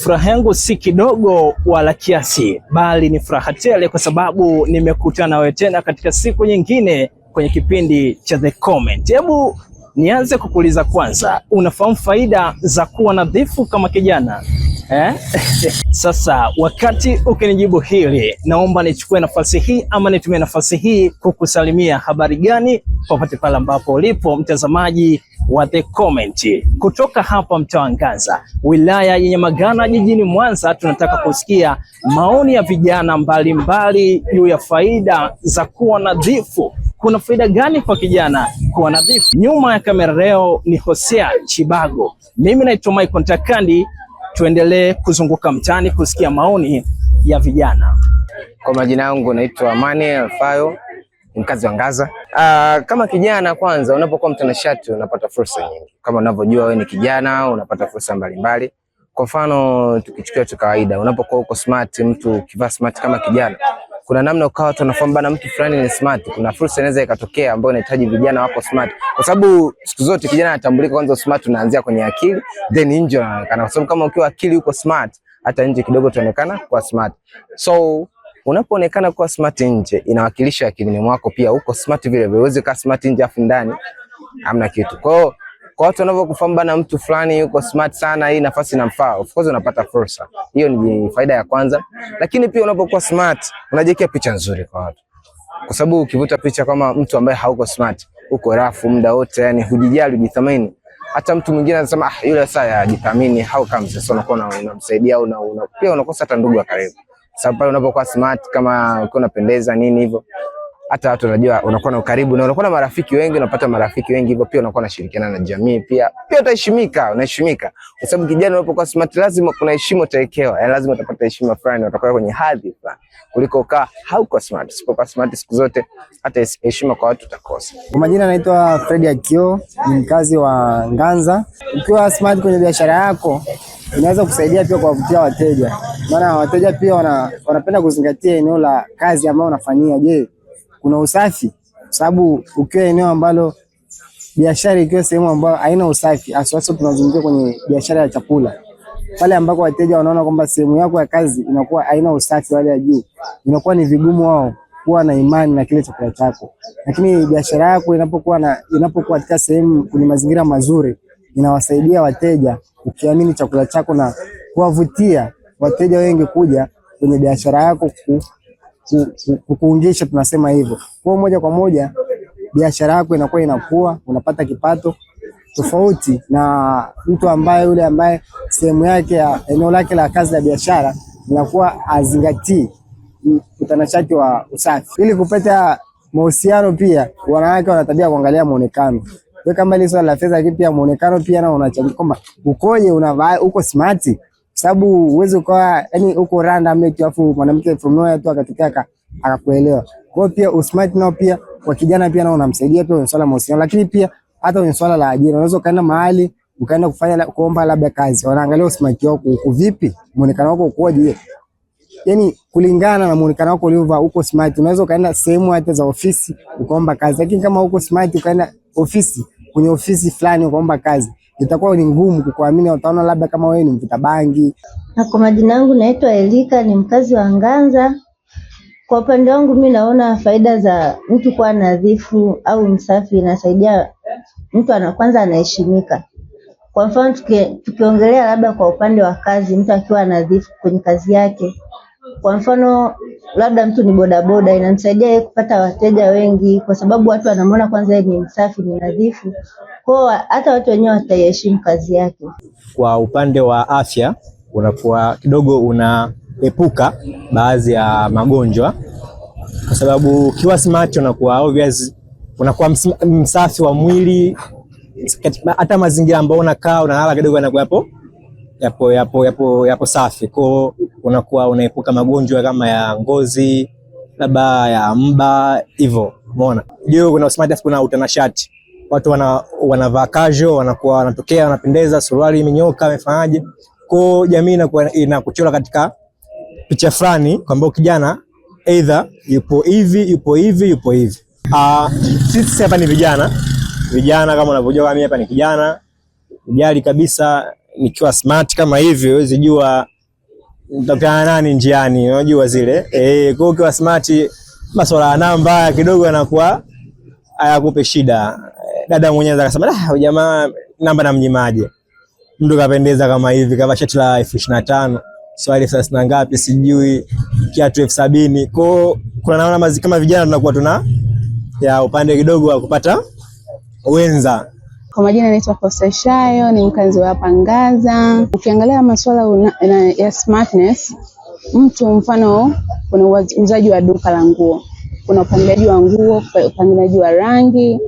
Furaha yangu si kidogo wala kiasi, bali ni furaha tele, kwa sababu nimekutana nawe tena katika siku nyingine kwenye kipindi cha The Comment. Hebu nianze kukuuliza kwanza, unafahamu faida za kuwa nadhifu kama kijana eh? Sasa wakati ukinijibu hili, naomba nichukue nafasi hii ama nitumie nafasi hii kukusalimia. Habari gani, popote pale ambapo ulipo mtazamaji wa The Comment kutoka hapa mtaa Nganza, wilaya ya Nyamagana, jijini Mwanza. Tunataka kusikia maoni ya vijana mbalimbali juu ya faida za kuwa nadhifu. Kuna faida gani kwa kijana kuwa nadhifu? Nyuma ya kamera leo ni Hosea Chibago, mimi naitwa Mike Ntakandi. Tuendelee kuzunguka mtaani kusikia maoni ya vijana. Kwa majina yangu naitwa Amani Alfayo ni mkazi wa Ngaza. Uh, kama kijana kwanza, unapokuwa mtanashati unapata fursa nyingi. Kama unavyojua wewe ni kijana, unapata fursa mbalimbali. Kwa mfano tukichukua tu kawaida, unapokuwa uko smart, mtu ukivaa smart kama kijana, kuna namna ukawa watu wanafahamu bana, mtu fulani ni smart. Kuna fursa inaweza ikatokea ambayo inahitaji vijana wako smart, kwa sababu siku zote kijana anatambulika kwanza, smart unaanzia kwenye akili, then nje unaonekana, kwa sababu kama ukiwa akili uko smart, hata nje kidogo tuonekana kwa smart so Unapoonekana kuwa smart nje, inawakilisha akilini mwako pia uko smart vile vile. Uweze kuwa smart nje afu ndani hamna kitu. Kwa hiyo kwa watu wanavyokufahamu bana, mtu fulani yuko smart sana, hii nafasi inamfaa, of course unapata fursa hiyo. Ni faida ya kwanza, lakini pia unapokuwa smart unajiwekea picha nzuri kwa watu, kwa sababu ukivuta picha kama mtu ambaye hauko smart, uko rafu muda wote, yani hujijali, hujithamini hata mtu mwingine anasema ah, yule sasa ajithamini, how comes, sasa unakuwa unamsaidia au pia unakosa hata ndugu wa karibu sababu pale unapokuwa smart kama uko unapendeza nini hivyo, hata watu wanajua unakuwa na ukaribu na unakuwa na marafiki wengi, unapata marafiki wengi hivyo, pia unakuwa unashirikiana na jamii, pia pia utaheshimika, unaheshimika kwa sababu kijana unapokuwa smart lazima kuna heshima utawekewa, yani lazima utapata heshima fulani, utakuwa kwenye hadhi fulani kuliko ukaa hauko smart. Usipokuwa smart siku zote, hata heshima kwa watu utakosa. Kwa majina, anaitwa Fred Akio, ni mkazi wa Nganza. Ukiwa smart kwenye biashara yako, inaweza kusaidia pia kuwavutia wateja maana wateja pia wana, wanapenda kuzingatia eneo la kazi ambayo unafanyia. Je, kuna usafi? Sababu ukiwa eneo ambalo biashara ikiwa sehemu ambayo haina usafi, hasa tunazungumzia kwenye biashara ya chakula, pale ambako wateja wanaona kwamba sehemu yako ya kazi inakuwa haina usafi wale ya juu, inakuwa ni vigumu wao kuwa na imani na kile chakula chako. Lakini biashara yako inapokuwa na inapokuwa katika sehemu kwenye mazingira mazuri, inawasaidia wateja ukiamini chakula chako na kuwavutia wateja wengi kuja kwenye biashara yako kukuungisha, tunasema hivyo. Kwa moja kwa moja biashara yako inakuwa inakuwa, unapata kipato tofauti na mtu ambaye yule ambaye sehemu yake ya eneo lake la kazi ya biashara inakuwa azingatii utanashati wa usafi. Ili kupata mahusiano, pia wanawake wana tabia kuangalia muonekano. Wewe kama ile swala la fedha, lakini pia muonekano pia na unachangia kwamba ukoje, unavaa uko smart sababu uweze ukawa yani uko random like, afu mwanamke from nowhere tu akatikaka akakuelewa. Kwa pia usmart nao pia kwa kijana pia nao unamsaidia pia kwenye swala la mahusiano, lakini pia hata kwenye swala la ajira unaweza ukaenda mahali ukaenda kufanya kuomba labda kazi, wanaangalia usmart wako uko vipi, muonekano wako ukoje, yani kulingana na muonekano wako uliovaa. Uko smart, unaweza ukaenda sehemu hata za ofisi ukaomba kazi, lakini kama uko smart ukaenda ofisi kwenye ofisi fulani ukaomba kazi itakuwa ni ngumu kukuamini, utaona labda kama wewe ni mvuta bangi. Na kwa majina yangu naitwa Elika, ni mkazi wa Nganza. Kwa upande wangu mi naona faida za mtu kuwa nadhifu au msafi, inasaidia mtu ana kwanza anaheshimika. Kwa mfano tuki, tukiongelea labda kwa upande wa kazi, mtu akiwa nadhifu kwenye kazi yake kwa mfano labda mtu ni bodaboda, inamsaidia yeye kupata wateja wengi, kwa sababu watu wanamwona kwanza yeye ni msafi, ni nadhifu, kwao hata watu wenyewe wataiheshimu kazi yake. Kwa upande wa afya, unakuwa kidogo unaepuka baadhi ya magonjwa, kwa sababu kiwa smart unakuwa obvious, unakuwa msafi wa mwili, hata mazingira ambayo unakaa unalala kidogo yanakuwa hapo yapo yapo yapo yapo safi, ko unakuwa unaepuka magonjwa kama ya ngozi labda ya mba hivyo, umeona. Juu kuna smart, afu kuna utanashati, watu wana wanavaa kajo wanakuwa wanatokea, wanapendeza, suruali imenyoka, amefanyaje, ko jamii inakuwa inakuchora katika picha fulani kwamba kijana either yupo hivi yupo hivi yupo hivi. Ah, sisi hapa ni vijana vijana, kama unavyojua mimi hapa ni kijana jali kabisa nikiwa smart kama hivi huwezi jua nitakutana nani njiani, unajua zile eh. Kwa hiyo ukiwa smart, masuala ya namba kidogo yanakuwa hayakupe shida. Dada mwenyewe akasema ah, jamaa namba na mnyimaje, mtu kapendeza kama hivi, kama shati la elfu ishirini na tano swali elfu thelathini na ngapi sijui, kiatu elfu sabini Kwa kuna naona kama vijana tunakuwa tuna ya upande kidogo wa kupata wenza kwa majina naitwa Fausta Shayo, ni mkazi wa hapa Ngaza. Ukiangalia masuala ya smartness, mtu mfano, kuna uuzaji wa duka la nguo, kuna upangilaji wa nguo, upangilaji wa rangi,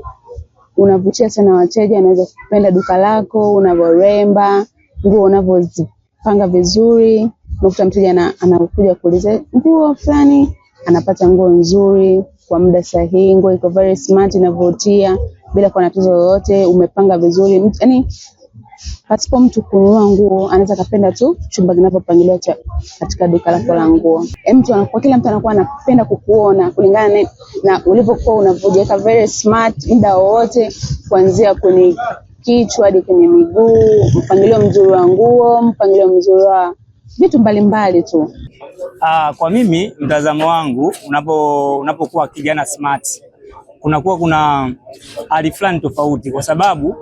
unavutia sana wateja, anaweza kupenda duka lako, unavyoremba nguo, unavyozipanga vizuri. Unakuta mteja anakuja kuuliza nguo fulani, anapata nguo nzuri kwa muda sahihi, nguo iko very smart, inavutia bila kuwa na tuzo yoyote, umepanga vizuri. Yaani pasipo mtu kununua nguo, anaweza kapenda tu chumba kinapopangiliwa cha katika duka lako la nguo. Yaani mtu anakuwa kila mtu anakuwa anapenda kukuona kulingana na ulivyokuwa unavyojiweka very smart, muda wowote kuanzia kwenye kichwa hadi kwenye miguu, mpangilio mzuri wa nguo, mpangilio mzuri wa vitu mbalimbali tu. Aa, ah, kwa mimi mtazamo wangu unapo unapokuwa kijana smart kunakuwa kuna hali fulani tofauti, kwa sababu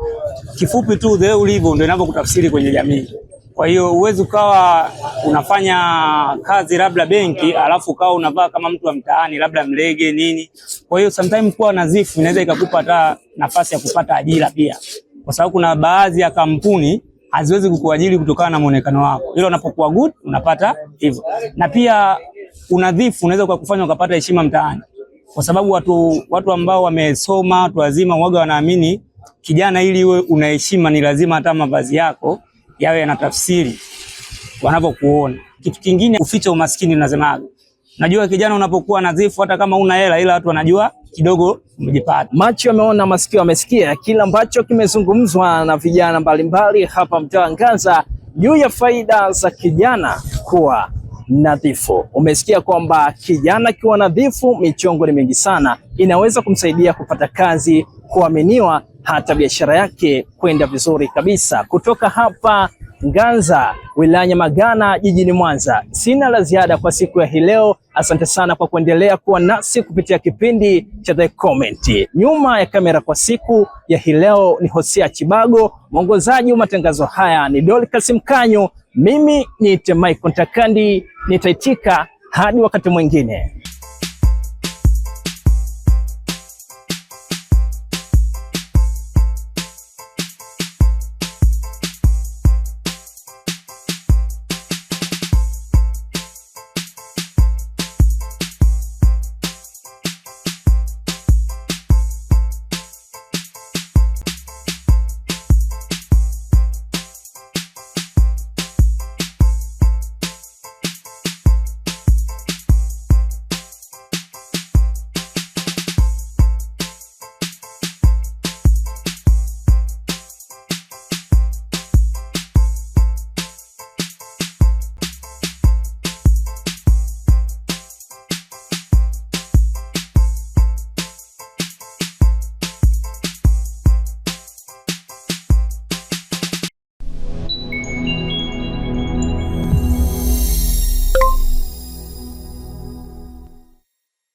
kifupi tu the ulivyo ndio inavyokutafsiri kwenye jamii. Kwa hiyo uwezi ukawa unafanya kazi labda benki, alafu ukawa unavaa kama mtu wa mtaani, labda mlege nini. Kwa hiyo sometimes kuwa nadhifu inaweza ikakupa hata nafasi ya kupata ajira pia, kwa sababu kuna baadhi ya kampuni haziwezi kukuajiri kutokana na muonekano wako, ila unapokuwa good unapata hivyo. Na pia unadhifu unaweza ukakufanya ukapata heshima mtaani kwa sababu watu, watu ambao wamesoma watu wazima uoga wanaamini kijana, ili uwe unaheshima ni lazima hata mavazi yako yawe yana tafsiri wanavyokuona. Kitu kingine uficha umaskini, unasemaga najua kijana unapokuwa nadhifu hata kama una hela, ila watu wanajua kidogo umejipata. Macho yameona, masikio yamesikia, kila ambacho kimezungumzwa na vijana mbalimbali hapa mtaa Nganza juu ya faida za kijana kuwa nadhifu. Umesikia kwamba kijana akiwa nadhifu, michongo ni mingi sana inaweza kumsaidia kupata kazi, kuaminiwa, hata biashara yake kwenda vizuri kabisa. Kutoka hapa Nganza, wilaya Nyamagana, jijini Mwanza. Sina la ziada kwa siku ya hii leo. Asante sana kwa kuendelea kuwa nasi kupitia kipindi cha The Comment. Nyuma ya kamera kwa siku ya hii leo ni Hosea Chibago, mwongozaji wa matangazo haya ni Dorcas Mkanyo, mimi ni Temai Kontakandi nitaitika hadi wakati mwingine.